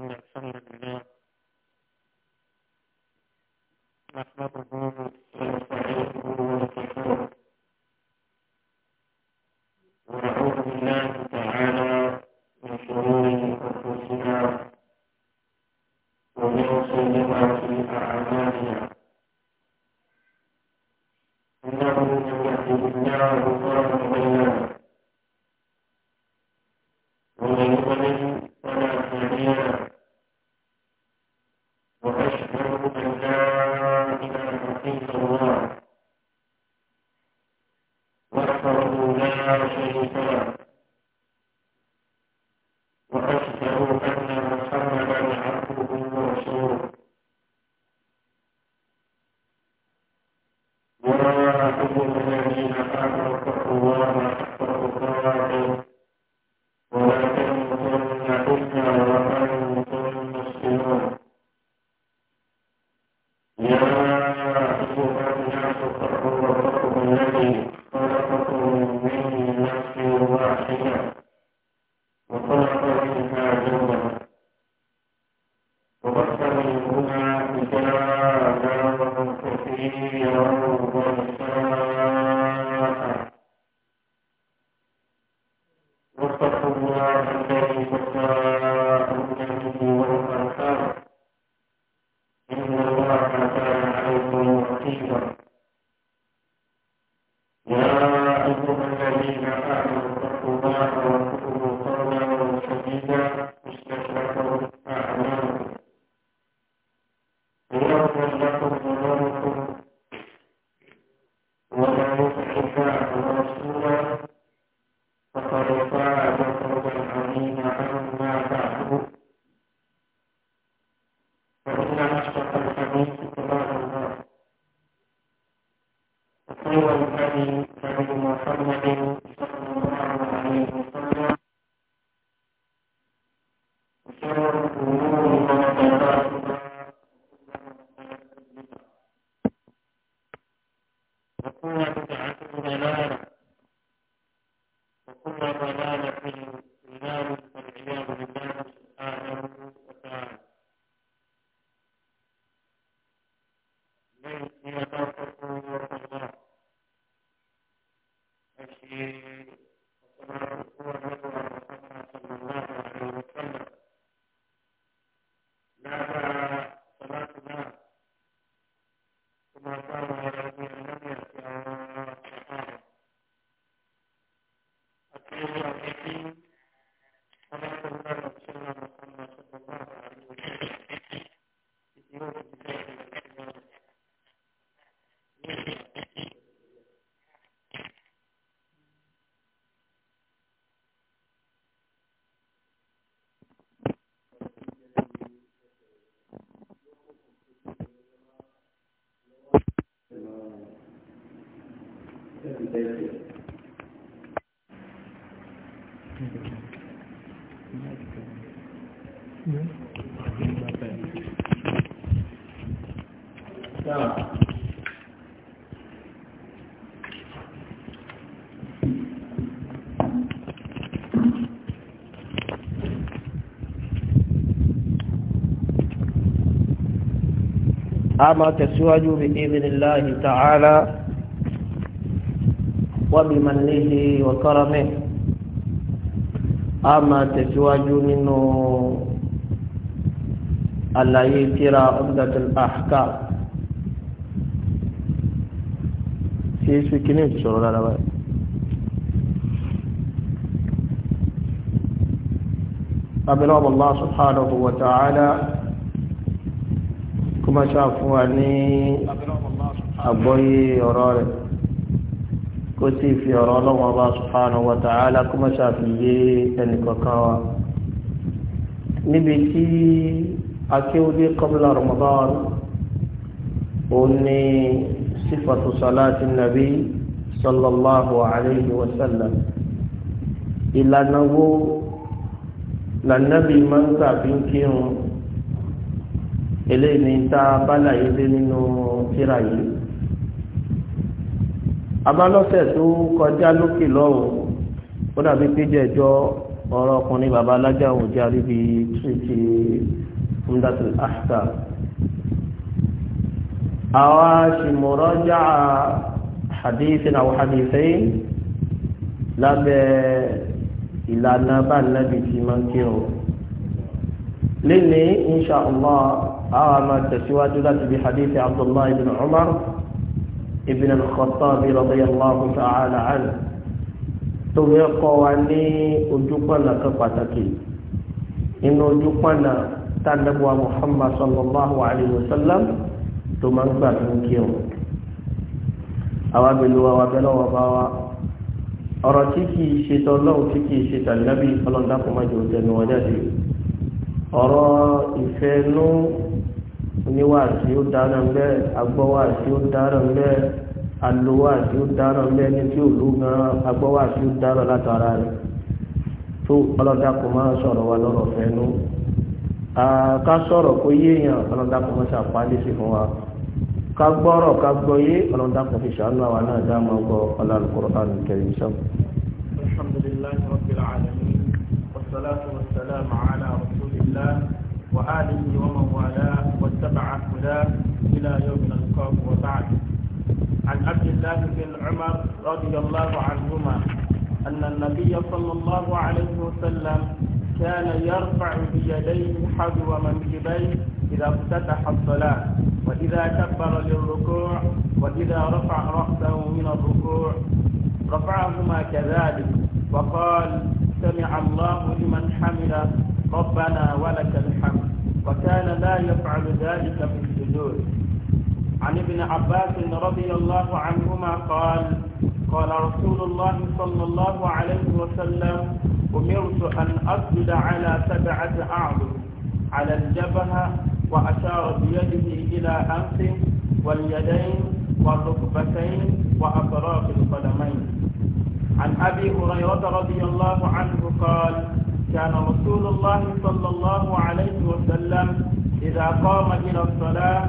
من السنة بالله نحمده يا أيها الذين آمنوا اتقوا الله الله أما تسواج بإذن الله تعالى وبمنه وكرمه أما تسواج منه àlàyé tíra Umdatul Ahkam tí é ṣwíkí ní ìṣòro lára báyìí abinab Allah subhanahu wa ta'ala kuma ṣàfihàn ní àgbọ́yé ọ̀rọ̀ rẹ̀ kó sì fi ọ̀rọ̀ ọlọ́wọ́ ọba subhanahu wa ta'ala kó mọ́ṣá fi yé ẹnìkọ̀ọ̀kan wa. níbi tí akéwòdì qabla Ramadan ó ní sífàtú salati nàbí sallallahu alayhi wa ìlànà wo lànàbí máa ń tàbí kírun eléyìí ní tá a bá láyé dé nínú kíra yìí abálọ́sẹ̀ tó kọjá lókè lọ́wọ́ ó dàbí péjọ ẹjọ́ ọ̀rọ̀ ọkùnrin bàbá alájà òjá ríbi tìrìtì umdatul ahkam àwa ṣì mọ̀rọ́jà hadithin aw hadithain lábẹ́ ìlànà bá nàbì tí máa ń kírun lẹ́ni inṣàlá àwa máa tẹ̀síwájú láti bí hadith abdullahi ibn umar. ابن الخطاب رضي الله تعالى عنه tóbi ẹ̀kọ́ wa ní ojúpọnà kan pàtàkì inú ojúpọnà tàdébùwà muhammad sallallahu alayhi wa sallam tó máa ń gbà tó ń kírun àwa bẹ̀lú wa wa bẹ́lẹ̀ wa bá wa ọ̀rọ̀ tí kì í ṣe tọ́lọ́hùn tí kì í oníwàásí ó dára ńlẹ agbọwàásí ó dára ńlẹ alowàásí ó dára ńlẹ ní tí òlu gan agbọwàásí ó dára látara rẹ tó ọlọ́dà kò máa sọ̀rọ̀ wa lọ́rọ̀ fẹ́nu ká sọ̀rọ̀ kó yéèyàn ọlọ́dà kò máa ṣàpálẹ̀ sí fún wa ká gbọ́rọ̀ ká gbọ́ yé ọlọ́dà kò fi ṣàánú àwa náà dá máa gbọ́ Al-Qur'an Karim sọ́mu. alhamdulillahi rabbil alamin wassalatu wassalamu ala rasulillah. وآله ومن والاه واتبع هداه إلى يوم القيامة وبعد عن عبد الله بن عمر رضي الله عنهما أن النبي صلى الله عليه وسلم كان يرفع بيديه حذو منكبيه إذا افتتح الصلاة وإذا كبر للركوع وإذا رفع رأسه من الركوع رفعهما كذلك وقال سمع الله لمن حمله ربنا ولك الحمد وكان لا يفعل ذلك في السجود عن ابن عباس رضي الله عنهما قال قال رسول الله صلى الله عليه وسلم أمرت أن أسجد على سبعة أعظم على الجبهة وأشار بيده إلى أنفه واليدين والركبتين وأطراف القدمين عن أبي هريرة رضي الله عنه قال كان رسول الله صلى الله عليه وسلم إذا قام إلى الصلاة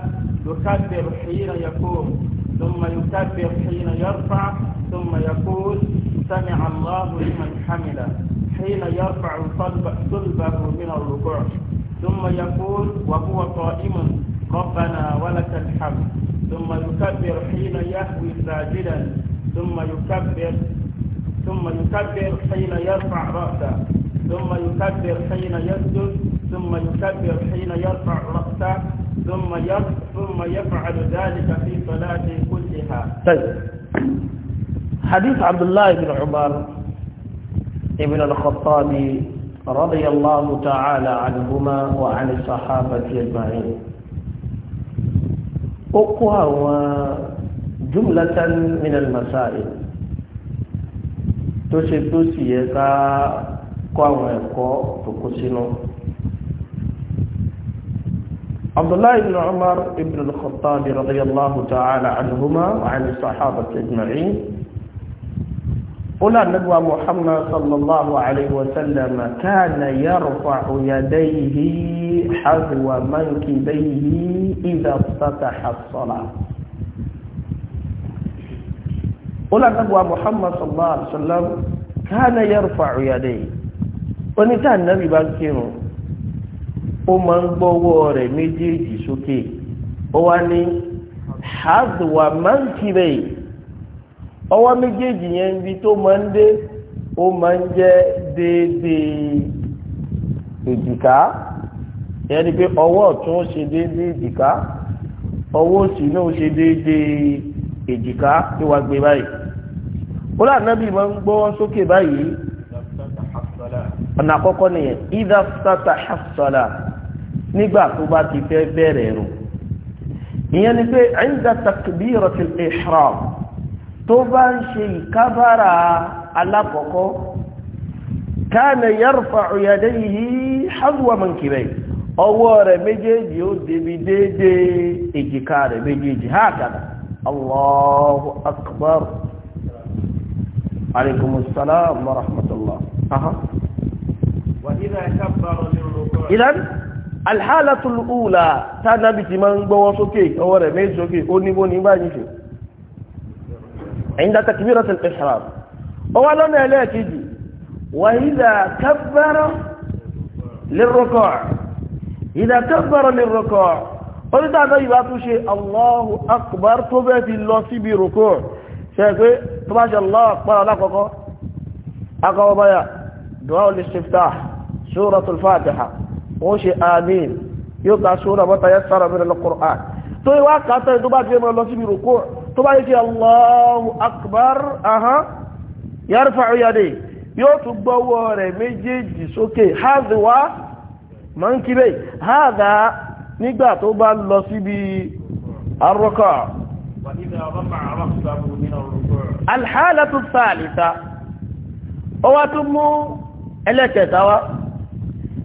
يكبر حين يقوم ثم يكبر حين يرفع ثم يقول سمع الله لمن حمله حين يرفع صلبه من الركوع ثم يقول وهو قائم ربنا ولك الحمد ثم يكبر حين يهوي ساجدا ثم يكبر ثم يكبر حين يرفع رأسه ثم يكبر حين يسجد ثم يكبر حين يرفع رأسه ثم ثم يفعل ذلك في صلاته كلها طيب حديث عبد الله بن عمر ابن الخطاب رضي الله تعالى عنهما وعن الصحابة أجمعين أقوى جملة من المسائل تسدس يكا kọ́ àwọn ẹ̀kọ́ tó kó sínú. Abdullahi ibn Umar ibn al-Khattab radiyallahu ta'ala anhuma wa an sahaba ajma'in قلنا نبوى محمد صلى الله عليه وسلم كان يرفع يديه حذو منكبيه إذا افتتح الصلاة قلنا نبوى محمد صلى الله عليه وسلم كان يرفع يديه oníta nàbì bá kírun ó máa ń gbọ́wọ́ rẹ̀ méjèèjì sókè ó wá ní hazuwa mankirei ọwọ́ méjèèjì yẹn ibi tó máa ń dé ó máa ń jẹ́ déédéé èjìká yẹn ni pé ọwọ́ ọ̀tún ó ṣe déédéé èjìká ọwọ́ òsì náà ó ṣe déédéé èjìká tí wàá gbé báyìí ó lànà bí máa ń gbọ́wọ́ sókè báyìí ọ̀nà àkọ́kọ́ nìyẹn ìdá sátà hafsọ́lá nígbà tó bá ti fẹ́ bẹ̀rẹ̀ ẹ̀rù ìyẹn ni pé ẹ̀yìndà takbiratul ihram tó bá ń ṣe ìkábára alákọ̀ọ́kọ́ kana yarfa'u yadayhi hazwa mankibayhi ọwọ́ rẹ̀ méjèèjì ó débi déédéé èjìká rẹ̀ méjèèjì hákàdà Allahu akbar alaikumus salam wa rahmatullah uh -huh ìdán alhalatul ula tánàbì ti máa ń gbọ́wọ́ sókè ọwọ́ rẹ̀ méjì sókè ó níbó ní báyìí ṣe ẹ̀yìn dáta kìbírọ̀ tẹ̀lẹ̀ ihram ọwọ́ lọ́nà ẹlẹ́ẹ̀kejì wà ìdá kabbara lirruku' ìdá kabbara lirruku' onídàá náà yìí wá tún ṣe allahu akbar tó bẹ́ẹ̀ ti suratul fatiha wọ́n ṣe amin yóò ka sura bọ́ta yẹ sára mi lọ qur'an tó yẹ wá kàtà tó bá fi mọ́ lọ síbi rúkú tó bá yẹ kí allahu akbar aha yarfa'u yade yóò tún gbọ́wọ́ rẹ̀ méjèèjì sókè hazi wá máa ń kílẹ̀ haza nígbà tó bá lọ síbi arọ́kọ̀ alhálàtù sàlìta ó wá tún mú ẹlẹ́kẹta wá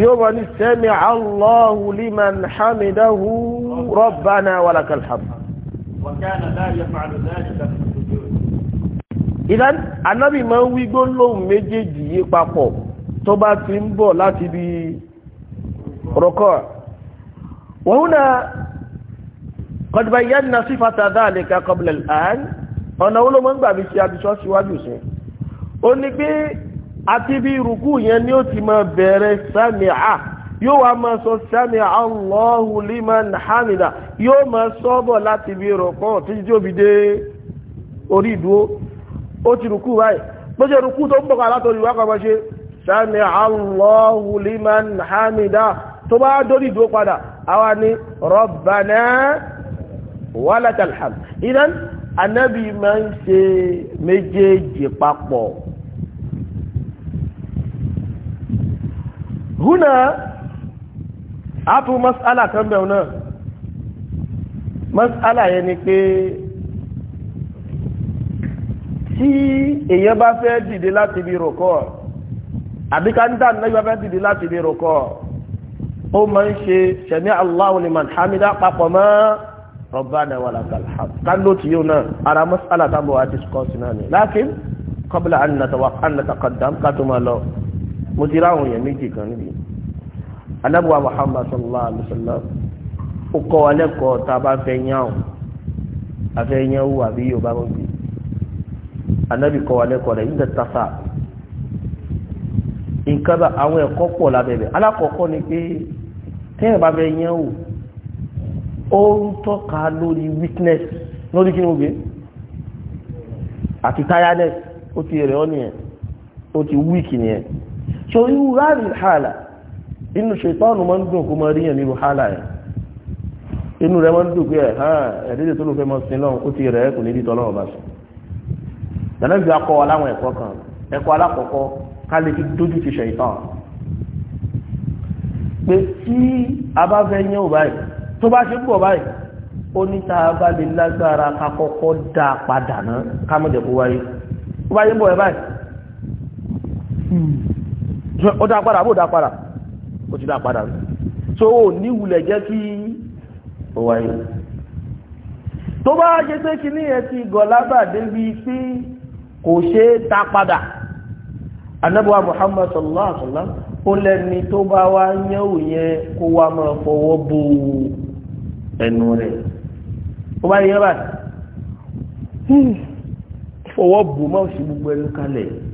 yóò mọ̀ ní sẹ́mi Allahu liman hamidahu rabbana walakal hamd. ìdán anábì máa ń wí gbólóhùn méjèèjì yí papọ̀ tó bá ti ń bọ̀ láti bí rọ́kọ̀. wa huna qad bayyana sifata dhalika qabla al-an ọ̀nà olómọ́ngbà mi ṣe abisọ́ síwájú sí. ó ní pé àti bí rùkú yẹn ni ó ti máa bẹ̀rẹ̀ sami'a yóò wá máa sọ sami'a Allahu liman hamida yóò máa sọ́bọ̀ láti bí rọ̀pọ̀ títí tí ó fi dé orí ìdúró ó ti rùkú báyìí bó ṣe rùkú tó ń bọ̀ kàlá torí wákọ̀ bọ́ ṣe sami'a Allahu liman hamida tó bá dórí ìdúró padà àwa ni rabbana walakal hamd idan máa ń ṣe méjèèjì papọ̀ هنا àtún masala كم bẹ̀rù náà يعني كي ni pé tí èèyàn bá fẹ́ dìde láti bí rọ̀kọ́ àbí káńtà náà bá fẹ́ dìde láti bí rọ̀kọ́ ó máa ń ṣe sami Allahu liman hamida papọ̀ mọ́ rabbana wa lakal hamd kálótì yóò náà ara masala tábọ̀ wá discourse náà ni lakin qabla an nataqaddam ká máa lọ. mo ti ráwọn èèyàn méjì kan níbi anábùwà Muhammad sallallahu alaihi wa sallam ó kọ́ wa lẹ́kọ̀ọ́ tá a bá fẹ́ o afẹ́ yán àbí yóò bá wọn gbé anábì kọ́ wa lẹ́kọ̀ọ́ rẹ̀ tasa nǹkan bá àwọn ẹ̀kọ́ pọ̀ alákọ̀ọ́kọ́ ni pé tẹ́yìn bá fẹ́ o ó ń tọ́ka lórí weakness lórí kí ni obe. gbé àti tiredness ó ti rẹ̀ ọ́ nìyẹn ó ti weak nìyẹn. so irú ráàrí hàlà inú ṣètọ́nù máa ń dùn kó máa ríyàn nírú hàlà ẹ̀ inú rẹ̀ máa ń dùn pé ẹ̀ hàn ẹ̀dẹ́dẹ́ tó ló fẹ́ máa sin lọ́run ó ti rẹ̀ kò ní dìtọ́ lọ́run bá sùn tẹ̀lẹ́bí akọ aláwọn ẹ̀kọ́ kan ẹ̀kọ́ alákọ̀ọ́kọ́ ká lè fi dójú ti ṣètọ́n pé tí a bá fẹ́ yẹn ò báyìí tó bá ṣe ń bọ̀ báyìí ó ní tá a bá lè lágbára ká dá padà ná ká mọ̀jẹ̀ ó dá padà bó dá padà ó ti dá padà so ó ní wulẹ̀ jẹ́ kí ó wáyé tó bá ṣe pé kí ní ẹ̀sì gọ̀lábà débi pé kò ṣe é padà anábọ̀wá Muhammad sallallahu alaihi wasallam ó lẹ́ni tó bá wá yẹ́ òyẹ kó wá máa fọwọ́ bo ẹnu rẹ̀ ó bá yẹ báyìí hmm. fọwọ́ bò má ṣe gbogbo ẹnu kalẹ̀ yìí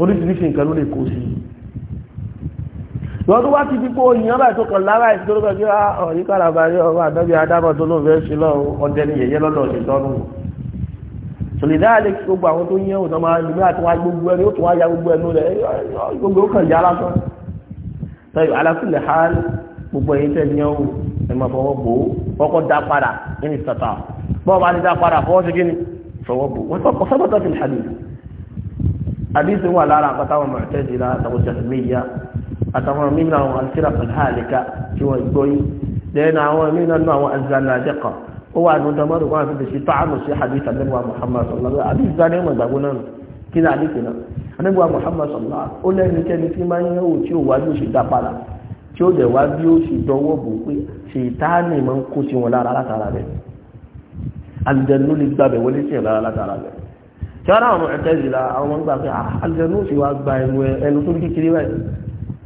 oríṣiríṣi nǹkan ló lè kó sí ìwọ́n tó wá ti fi kó ìyàn báyìí tó kàn lára ìṣẹ́ tó kọjá ọ̀rí kàràbà rí ọ̀rọ̀ àdọ́bí adámọ̀ tó lóun fẹ́ ṣe lọ ọdẹ ní yẹ̀yẹ́ lọ́dọ̀ ṣe tọ́nu sòlìdáàlì gbogbo àwọn tó yẹ̀wò tó máa lùmí àti wá gbogbo ẹni ó tún wá ya gbogbo ẹnu rẹ̀ gbogbo kàn já lásán tọ́yọ̀ alákùnlé ha gbogbo ẹ̀yìn tẹ̀ yẹ̀wò ẹ̀ máa fọwọ́ bò ó kọ́kọ́ dá padà ní ìsàtà bọ́ọ̀ bá ti dá padà fọwọ́ sí kí ni fọwọ́ bò wọ́n sọ́kọ̀ sọ́kọ̀ tó ti àdíṣe wà lára àpátáwọn mọ̀tẹ́sílá àtàwọn jàdùmíyà àtàwọn mímú àwọn àṣírà fàlhálíkà tí wọ́n gbọ́ yìí lẹ́yìn àwọn mímú náà àwọn àzànàjẹ́kọ̀ ó wà nù damaru wọn àti bèṣi tọ́àmù sí àdíṣe àdébùwà Muhammad sallallahu alaihi wasallam àdíṣe zani ọmọ ìgbàgbó náà nù kí ni àdíṣe náà àdébùwà Muhammad sallallahu ó lẹ́nu kẹ́ni tí máa ń yẹ wò tí ó wá bí ó ṣe dá padà tí ó dẹ̀ wá bí ó ṣe dọwọ́ bò pé ṣètáàní máa ń kó sí wọn lára látara rẹ̀ àlùjànnú ló lè gbàbẹ̀ wọlé sí ẹ̀ lára látara rẹ̀ ṣọ́ra àwọn ẹ̀tẹ́zìlá àwọn ń gbà pé ah, àjẹnú sì wá gba ẹnu ẹnu tó kékeré báyìí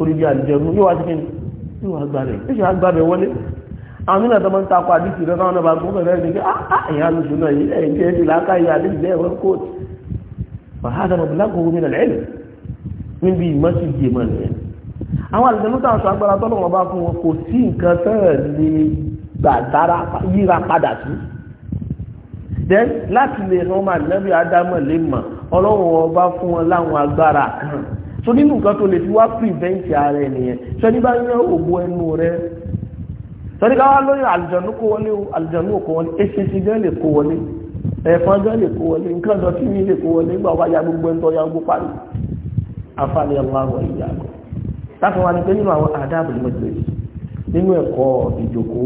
orí bí àjẹnú yóò wá sí kí yóò wá gba rẹ̀ yóò wá gba rẹ̀ wọlé àwọn nílẹ̀ tó máa ń takọ àdìsí rẹ̀ káwọn náà bá gbọ́ bẹ̀rẹ̀ ah, ah, rẹ̀ pé ẹ̀yà ló ṣùnà yìí ẹ̀yìn tí ẹ ti láká yìí àdìsí bẹ́ẹ̀ wọ́n kó wàhálà mọ̀ bíláàkó omi nà lẹ́yìn níbi ìmọ̀ sí di ìmọ̀ nìyẹn àwọn àlùjẹ̀nú tó àṣọ agbára tọ́lọ́wọ́n bá fún wọn kò sí then láti lè ran ọmọ ànábì ádámọ̀ lè mọ̀ ọlọ́run ọba fún wọn láwọn agbára kan so nínú nǹkan tó lè fi wá prevent ara ẹ nìyẹn sọ ní bá ń yẹ ògbó ẹnu rẹ sọ ní káwá lóyún àlùjọ̀nú kó wọlé àlùjọ̀nú kó wọlé eṣinṣin gan lè kó wọlé ẹ̀fọn gan lè kó wọlé nǹkan dọ̀tí mi lè kó wọlé nígbà wá ya gbogbo ẹni tó ya gbogbo parí afáàlì aláwọ̀ ìyá àgọ́ láti wá ní pé nínú àwọn àdáàbò ní mọ́tò nínú ẹ̀kọ́ ìjòkó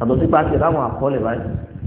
àtọ̀sípa ti láwọn àkọọ́lẹ̀ báyìí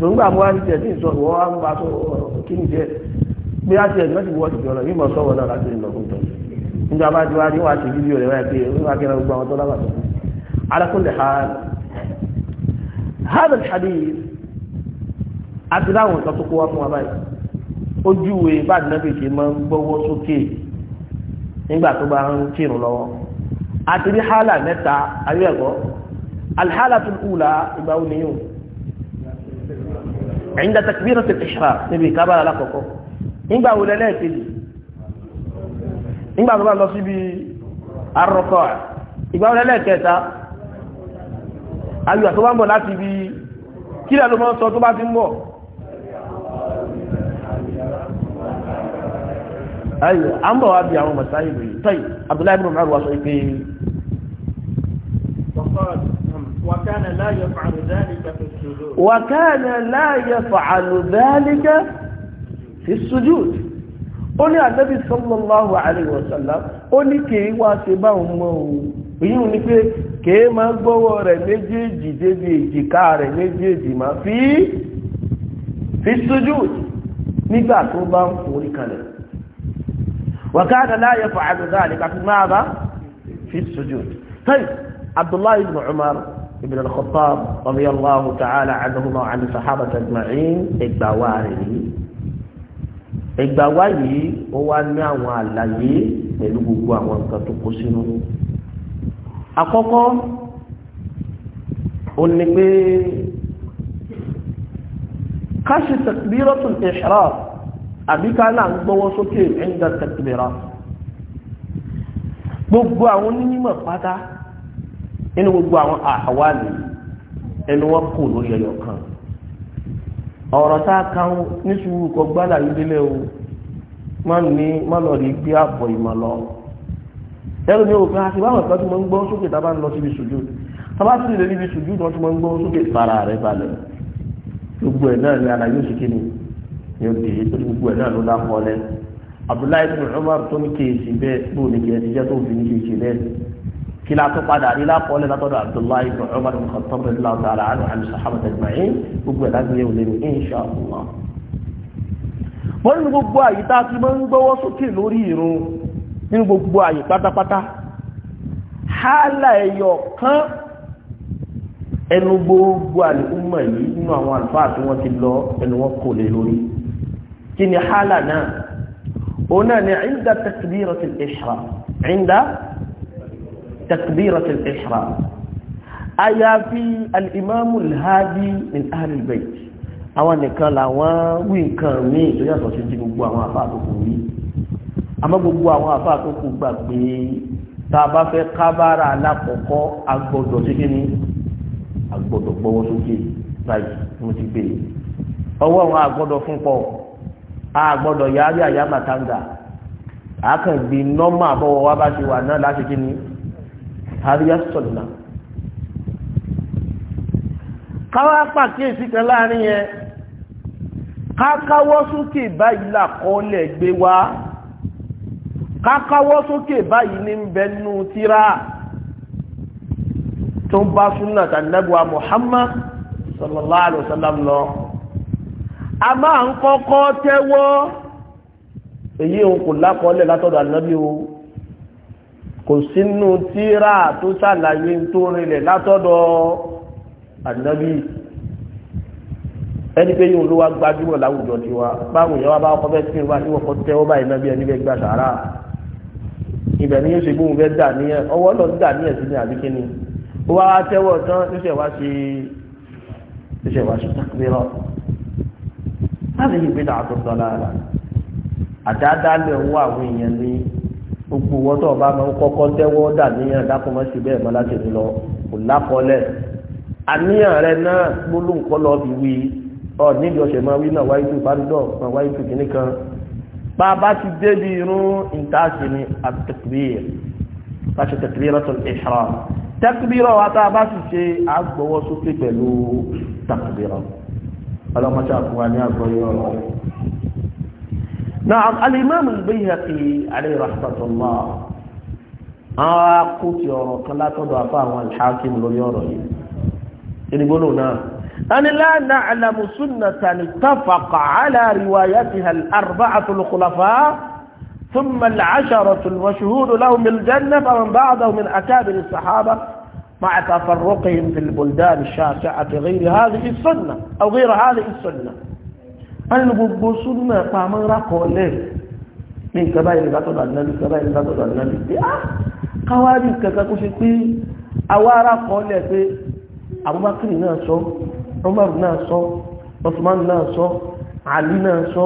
tòǹgbà mo wá ní tiẹ̀ tí ń sọ ìwọ wá ń bá tó kí ni tiẹ̀ bí a tiẹ̀ mẹ́tì wọ́n ti jọ̀rọ̀ yìí mọ̀ sọ́wọ́ náà láti ìlọ fún tọ́ nígbà bá ti wá ní wàá ṣe fídíò rẹ̀ wáyé pé ó wá kẹ́ra gbogbo àwọn tó lábà tó alákùnlé ha hada hadith àti láwọn nǹkan tó kó wá fún wa báyìí ojú ìwé bá àdínábì ṣe máa ń gbọ́wọ́ sókè nígbà tó bá ń kírun lọ́wọ́ àti ní hálà mẹ́ta ayé ẹ̀kọ́ alhálà tó kù là ìgbà ó níyùn inda takbiratul ihram níbi ìkábàrà lákọ̀ọ́kọ́ nígbà wo lẹ́lẹ́ẹ̀kejì nígbà tó bá lọ síbi arọ́kọ́ ìgbà wo lẹ́lẹ́ẹ̀kẹta ayùwà tó bá ń bọ̀ láti ibi kílẹ̀ ló máa ń sọ tó bá ti ń bọ̀ ayò à ń bọ̀ wá bí àwọn mọ̀sáyìí lòyìn tọ́yì Abdullahi ibn Umar wá sọ pé وكان لا يفعل ذلك في السجود وكان لا يفعل ذلك في السجود ó ní ànábì sallallahu alaihi wasallam ó ní kìí wá ṣe bá òun mọ́ òun yíò ní pé kìí máa gbọ́wọ́ rẹ̀ méjèèjì débi èjìká rẹ̀ méjèèjì máa fi fi sujud nígbà tó bá ń forí kalẹ̀ wa kana la yaf'alu dhalika máa bá fi sujud tayib abdullahi ibn umar ibn al-Khattab radiyallahu ta'ala anhuma wa an sahaba ajma'in ìgbà wa rèé ìgbà wa yìí ó wá ní àwọn àlàyé pẹ̀lú gbogbo àwọn nǹkan tó kó sínú. àkọ́kọ́ ó ní pé káṣí takbiratul ihram àbí ká náà ń gbọ́wọ́ sókè inda takbira gbogbo àwọn onímọ̀ pátá nínú gbogbo àwọn àwàlì ẹnu wọn kò lórí ẹyọ kan ọ̀rọ̀ tá a kan ní sùúrù kọ gbádà yìí délé o má ní má lọ rí gbé àbọ̀ ìmọ̀ lọ ẹrù ní òfin àti báwọn kan tó máa ń gbọ́ sókè tá a bá ń lọ síbi sùjú tá a bá sì lè níbi sùjú náà tó máa ń gbọ́ sókè fara rẹ̀ balẹ̀ gbogbo ẹ̀ náà ni àlàyé òsì kìíní ni ó dé tó gbogbo ẹ̀ náà ló dá kọ́ Abdullahi bin Umar tó ní kéèsì bẹ́ẹ̀ bóun ní kéèsì jẹ́ tó fi ní kéèsì bẹ́ẹ̀ كلا تقعد علينا قول نطر عبد الله بن عمر بن الخطاب رضي الله تعالى عنه وعن الصحابة أجمعين وقول هذا يولين إن شاء الله wọ́n ní gbogbo àyè tá a ti máa ń gbọ́wọ́ sókè lórí ìrun nínú gbogbo àyè pátápátá hálà ẹ̀yọ̀ kan ẹnu gbogbo àlùkùmọ̀ yìí nínú àwọn àlùfáà tí wọ́n ti lọ ẹnu wọn kò lè lórí kí ni hálà náà òun náà ni inda takbiratul ihram inda تكبيرة الإحرام أيا في الإمام الهادي من أهل البيت àwọn nìkan làwọn wí nǹkan míì tó yàtọ̀ sí ti gbogbo àwọn àfáà tó kù wí àmọ́ gbogbo àwọn àfáà tó kù gbà pé tá a bá fẹ́ kábàárà alákọ̀ọ́kọ́ agbọ́dọ̀ sí kíni agbọ́dọ̀ gbọ́wọ́ sókè báyìí mo ti gbé ọwọ́ àwọn agbọ́dọ̀ fún pọ̀ agbọ́dọ̀ yáárí àyàmàtàǹgà àákàngbé nọ́mà bọ́wọ́ wá bá ti wà náà láti kíni àríyá sọ̀nà káwá pàkíyèsí kan láàrin yẹn kákáwọ́ sókè gbé wá kákáwọ́ sókè báyìí ní tó bá súnà tànàbùwà Muhammad sallallahu alaihi wasallam a máa ń kọ́kọ́ tẹ́wọ́ èyí kò sínú tíra tó ṣàlàyé tó rinlẹ̀ látọ̀dọ̀ ànábì ẹni pé yóò ló wá gbajúmọ̀ láwùjọ tiwa báwo yẹn wá bá kọ́ fẹ́ sínú wá ní wọ́n kọ́ tẹ́ ọ báyìí náà bí ẹni bẹ́ẹ̀ gbà sàárà ibẹ̀ ni yóò ṣe gbóhùn fẹ́ dà ní ẹ ọwọ́ lọ dà ní ẹ̀sìn ní àbíkíni ó wá tẹ́wọ̀ tán tó wá ṣe tó ṣẹ̀ wá ṣe takbírọ̀ láti yìí pé dàtọ̀ tọ́lá àdáadáa lè wá àwọn èèyàn ní gbogbo wọn tó bá máa ń kọ́kọ́ tẹ́wọ́ dà níyàn dákun má ṣe bẹ́ẹ̀ mọ́ láti ní lọ kò lákọọ́lẹ̀ àníyàn rẹ náà gbólóhùn kọ́ lọ́ọ́ fi wí ọ nídìí ọ̀sẹ̀ máa wí náà wáyé tó ìbádùdọ̀ máa wáyé tó kìíní kan bá a bá ti débi irun ìtaṣe ni at-takbir láti takbiratul ihram takbira wa tá a bá sì ṣe àgbọ̀wọ́ sókè pẹ̀lú takbira ọlọ́mọṣẹ́ àfọwọ́ ní àgbọ̀yọ̀ ọ̀rọ̀ نعم الإمام البيهقي عليه رحمة الله آه، أقول يورو كلا تضعفه الحاكم لو ليورو يقولون نعم أن لا نعلم سنة اتفق على روايتها الأربعة الخلفاء ثم العشرة المشهود لهم الجنة فمن بعده من أكابر الصحابة مع تفرقهم في البلدان الشاسعة غير هذه السنة أو غير هذه السنة àwọn gbogbo súnmọ̀ pàmọ́ rákọ̀ọ́lẹ̀ ní ìkẹba ìrìnlátọ̀dọ̀ àdínábì ìkẹba ìrìnlátọ̀dọ̀ àdínábì pé á káwárí kẹta kó ṣe pé àwa rákọ̀ọ́lẹ̀ pé Abubakar náà sọ Umar náà sọ Osman náà sọ Ali náà sọ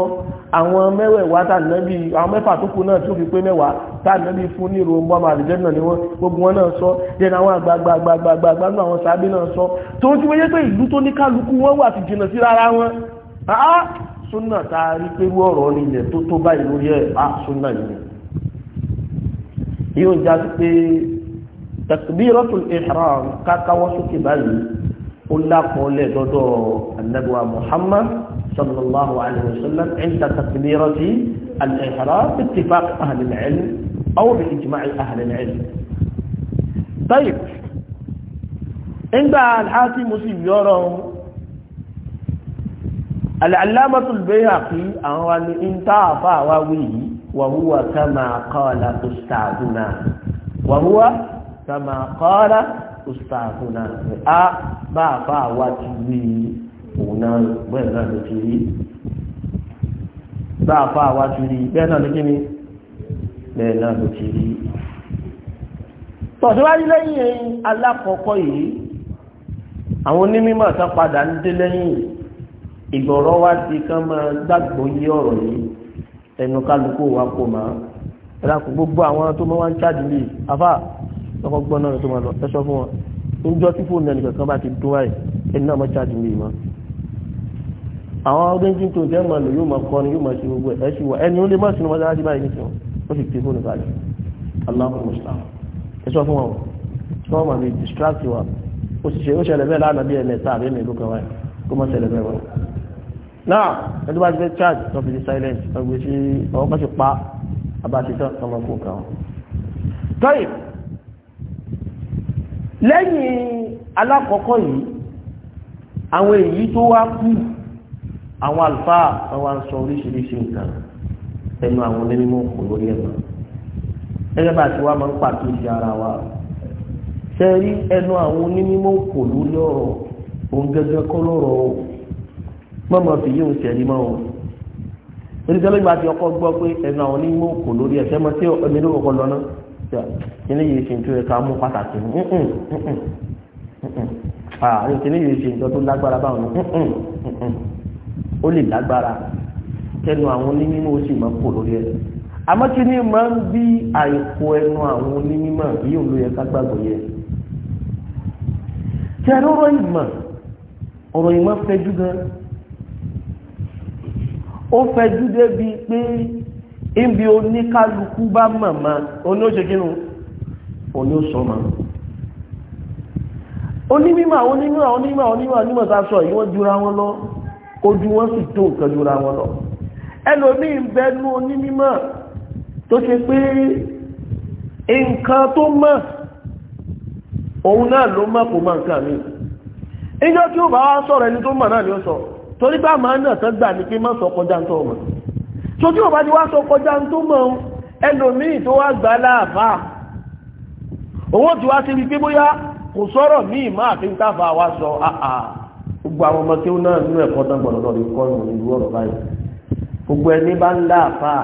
àwọn mẹ́wẹ̀wá tàbí àwọn mẹ́fà tó kù náà tó fi pé mẹ́wàá tàbí fún nírò mọ́mọ́ àdìjẹ́ náà ni wọ́n gbogbo wọn náà sọ jẹ́nà àwọn àgbàgbàgbàgbàgbà náà àwọn sàábí náà sọ tó ń tí wọ́n yẹ́ pé ìlú tó ní kálukú wọ́n wà ti jìnà sí rárá wọn súnà tá a rí pé wọ́ọ̀rọ̀ nílẹ̀ tó tó báyìí ló yẹ á súnà yìí yóò já sí pé takbiratul ihram kákáwọ́ sókè báyìí ó lápọ̀ọ́lẹ̀ dọ́dọ̀ anabiwa muhammad sallallahu alayhi wa sallam inda takbirati al-ihram ittifaq ahli al-ilm aw bi ijma'i ahli al-ilm. طيب عند الحاكم مسلم al-allamatul bayhaqi àwọn wa ní ìta àfa wa wí yìí wa huwa kama qala ustaduna wa huwa kama qala ustaduna a bá àfa wa ti wí òun náà bẹ́ẹ̀ náà ló ti ti rí bẹ́ẹ̀ náà ló kí ni bẹ́ẹ̀ náà ló ti rí tọ̀síwájú lẹ́yìn alákọ̀ọ́kọ́ yìí àwọn onímọ̀ tán padà ń dé lẹ́yìn ìgbọ̀rọ̀ wá sí kán máa gbàgbọ́ yé ọ̀rọ̀ yìí ẹnu kálukú wa kò máa ẹ̀rọ kò gbogbo àwọn tó máa wá ń ṣáàdì yìí afá lọ́kọ́ gbọ́ náà tó máa lọ ẹ sọ fún wọn níjọ́ tí fóònù ẹnì kankan bá ti dún wáyé ẹni náà máa ṣáàdì yìí mọ́. àwọn ọdẹ́jì tó jẹ́ mọ̀ lò yóò máa kọ́ni yóò máa ṣe gbogbo ẹ̀ ṣì wọ ẹni ó lè má sinú mọ́sálásí báyìí nìkan ó sì ti fóònù kalẹ̀ aláwọ̀ mùsùlùmí ẹ sọ fún wọn wọ́n máa lè distract wa ó sì ṣe ó ṣẹlẹ̀ bẹ́ẹ̀ lánàá bí ẹ̀mẹ́ta àbí ẹ̀mẹ́ ìlú kan wáyé kó má ṣẹlẹ̀ náà ẹni bá ti fẹ́ charge tó fi di silent ọgbẹ́ sí ọwọ́ kan sì pa abáṣetán ọmọ kò kàn án. tọ́yì lẹ́yìn alákọ̀ọ́kọ́ yìí àwọn èyí tó wá kú àwọn àlùfáà wọn wá ń sọ oríṣiríṣi nǹkan ẹnu àwọn onímọ̀ kò lórí ẹ̀ náà gẹ́gẹ́ bá ti wá máa ń pàkíyèsí ara wa ṣe rí ẹnu àwọn onímọ̀ kò lórí ọ̀rọ̀ òun gẹ́gẹ́ kọ́ lọ́rọ̀ ọ̀hún mọ́mọ́ fi yóò tẹ̀lé mọ́ o oníṣẹ́ lóyún àti ọkọ gbọ́ pé ẹnu àwọn onímọ̀ kò lórí ẹ̀fẹ́ mọ́ tí ẹni ló kọ́kọ́ lọ náà kíní yìí ṣe ń tó ẹ̀ka mú pàtàkì ààrùn kíní yìí ṣe nǹkan tó lágbára báwọn ó lè lágbára kẹnu àwọn onímọ̀ ó sì máa kò lórí ẹ̀ àmọ́ kíní máa ń bí àìkú ẹnu àwọn onímọ̀ yóò ló yẹ ká gbàgbọ́ yẹ tẹ́rọ̀rọ̀ ìmọ̀ ọ̀rọ̀ ìmọ̀ fẹ́jú gan-an ó fẹjú débi pé ibi oníkálukú bá màmá oníṣèkínú oníṣọmọ onímọ̀ onímọ̀ onímọ̀ onímọ̀ onímọ̀ tá a sọ yìí jura wọn lọ ojú wọn sì tó nǹkan jura wọn lọ ẹlòmíì ń bẹnu onímọ̀ tó ṣe pé nǹkan tó mọ̀ òun náà ló mọ̀ mọ̀ nǹkan mi ìjọ tí ó bá wá sọ̀rọ̀ ẹni tó mọ̀ náà ni ó sọ̀rọ̀ torí bá máa náà tán gbà ní pé má sọ kọjá ń tó mọ̀ sojú ò bá ti wá sọ kọjá ń tó mọ̀ ẹlòmíì tó wá gbà láàbà owó tí wá sí wípé bóyá kò sọ̀rọ̀ míì máa fi ń tàfà wá sọ àà gbogbo àwọn ọmọ tí ó náà nínú ẹ̀kọ́ tán gbọ̀dọ̀ lọ́ọ́ kọ́ ìmọ̀ ìlú ọ̀rọ̀ báyìí gbogbo ẹni bá ń láàfà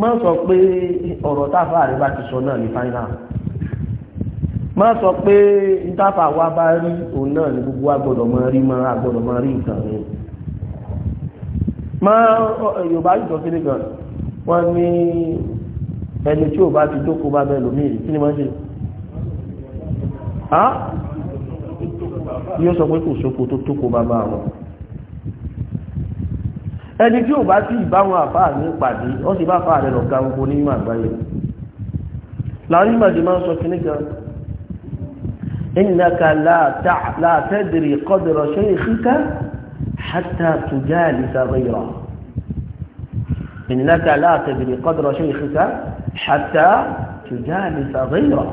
má sọ pé ọ̀rọ̀ tàfà rẹ bá ti sọ náà ní fáínà má sọ pé ìtàfà wa bá rí òun náà ní gbogbo agbọ́dọ̀ máa rí máa agbọ́dọ̀ máa rí nǹkan mìíràn má yorùbá yìí tọ́kí nìkan wọ́n ní ẹni tí ò bá ti jókòó bá bẹ́ẹ̀ lómi ìrì kí ni wọ́n ṣe yóò sọ pé kò sóko tó tókò bá bá wọn ẹni tí ò bá sí ìbáwọn àfáà ní pàdé ó sì bá àfáà rẹ̀ lọ̀gá gbogbo ní àgbáyé láàrin ìgbàdì máa ń sọ kí nìkan innaka la tadri qadra shaykhika حتى تجالس غيره إنك لا تدري قدر شيخك حتى تجالس غيره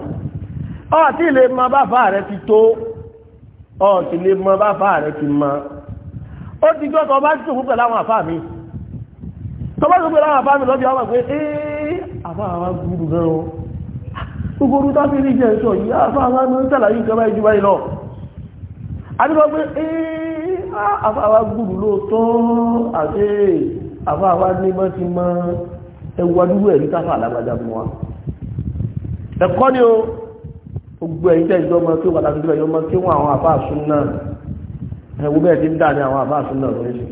ọ̀tí lè mọ bá fà rẹ̀ ti tó ọ̀tí lè mọ bá fà rẹ̀ ti mọ ó ti jọ́ tọ́ bá jùkú pẹ̀lú àwọn àfá mi tọ́ bá jùkú pẹ̀lú àwọn àfá mi lọ́bí àwọn pé ee àfá àwọn gúrù gan o gbogbo tó fi rí jẹ́ sọ yìí àfá àwọn ọmọ sẹ́lá yìí kẹ́ afáwa ah, gbùrù lóòótọ́ àti afáwa nímọ́ ti mọ́ ẹwà dúró ẹ̀rí káfà alágbádá mọ́ wa ẹ̀kọ́ ni o gbogbo ẹ̀yìn tẹ́ ìjọ ọmọ kí wọ́n tàbí ìjọ ọmọ kí wọ́n àwọn àfáà sún náà ẹ̀wù bẹ́ẹ̀ ti ń dà ní àwọn àfáà sún náà lórí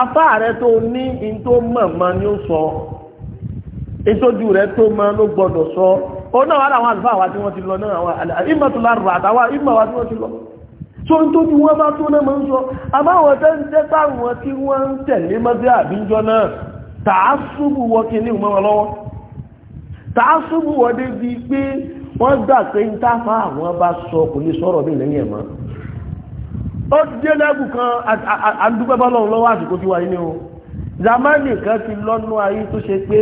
afá rẹ tó ní in tó mọ̀ mọ́ ni ó sọ ìtọ́jú rẹ tó mọ́ ló gbọ́dọ̀ sọ ó náà wà láwọn àlùfáà wa tí wọ́n ti lọ náà àwọn àlùfáà ìmọ̀tòlá rà àtàwọn ìmọ̀ wa tí wọ́n ti lọ. tó ń tó ní wọ́n bá tó náà máa ń sọ àmáwọn tẹ́ ń jẹ́ táwọn tí wọ́n ń tẹ̀lé mọ́sí àbíjọ náà tààsùbù kí ní ìmọ̀ lọ́wọ́ tààsùbù dé bí pé wọ́n gbà pé ń táfà àwọn bá sọ kò ní sọ̀rọ̀ bí lẹ́yìn ẹ̀mọ́ ó dé kan lọ́wọ́ àsìkò tí wà o zamani kan ti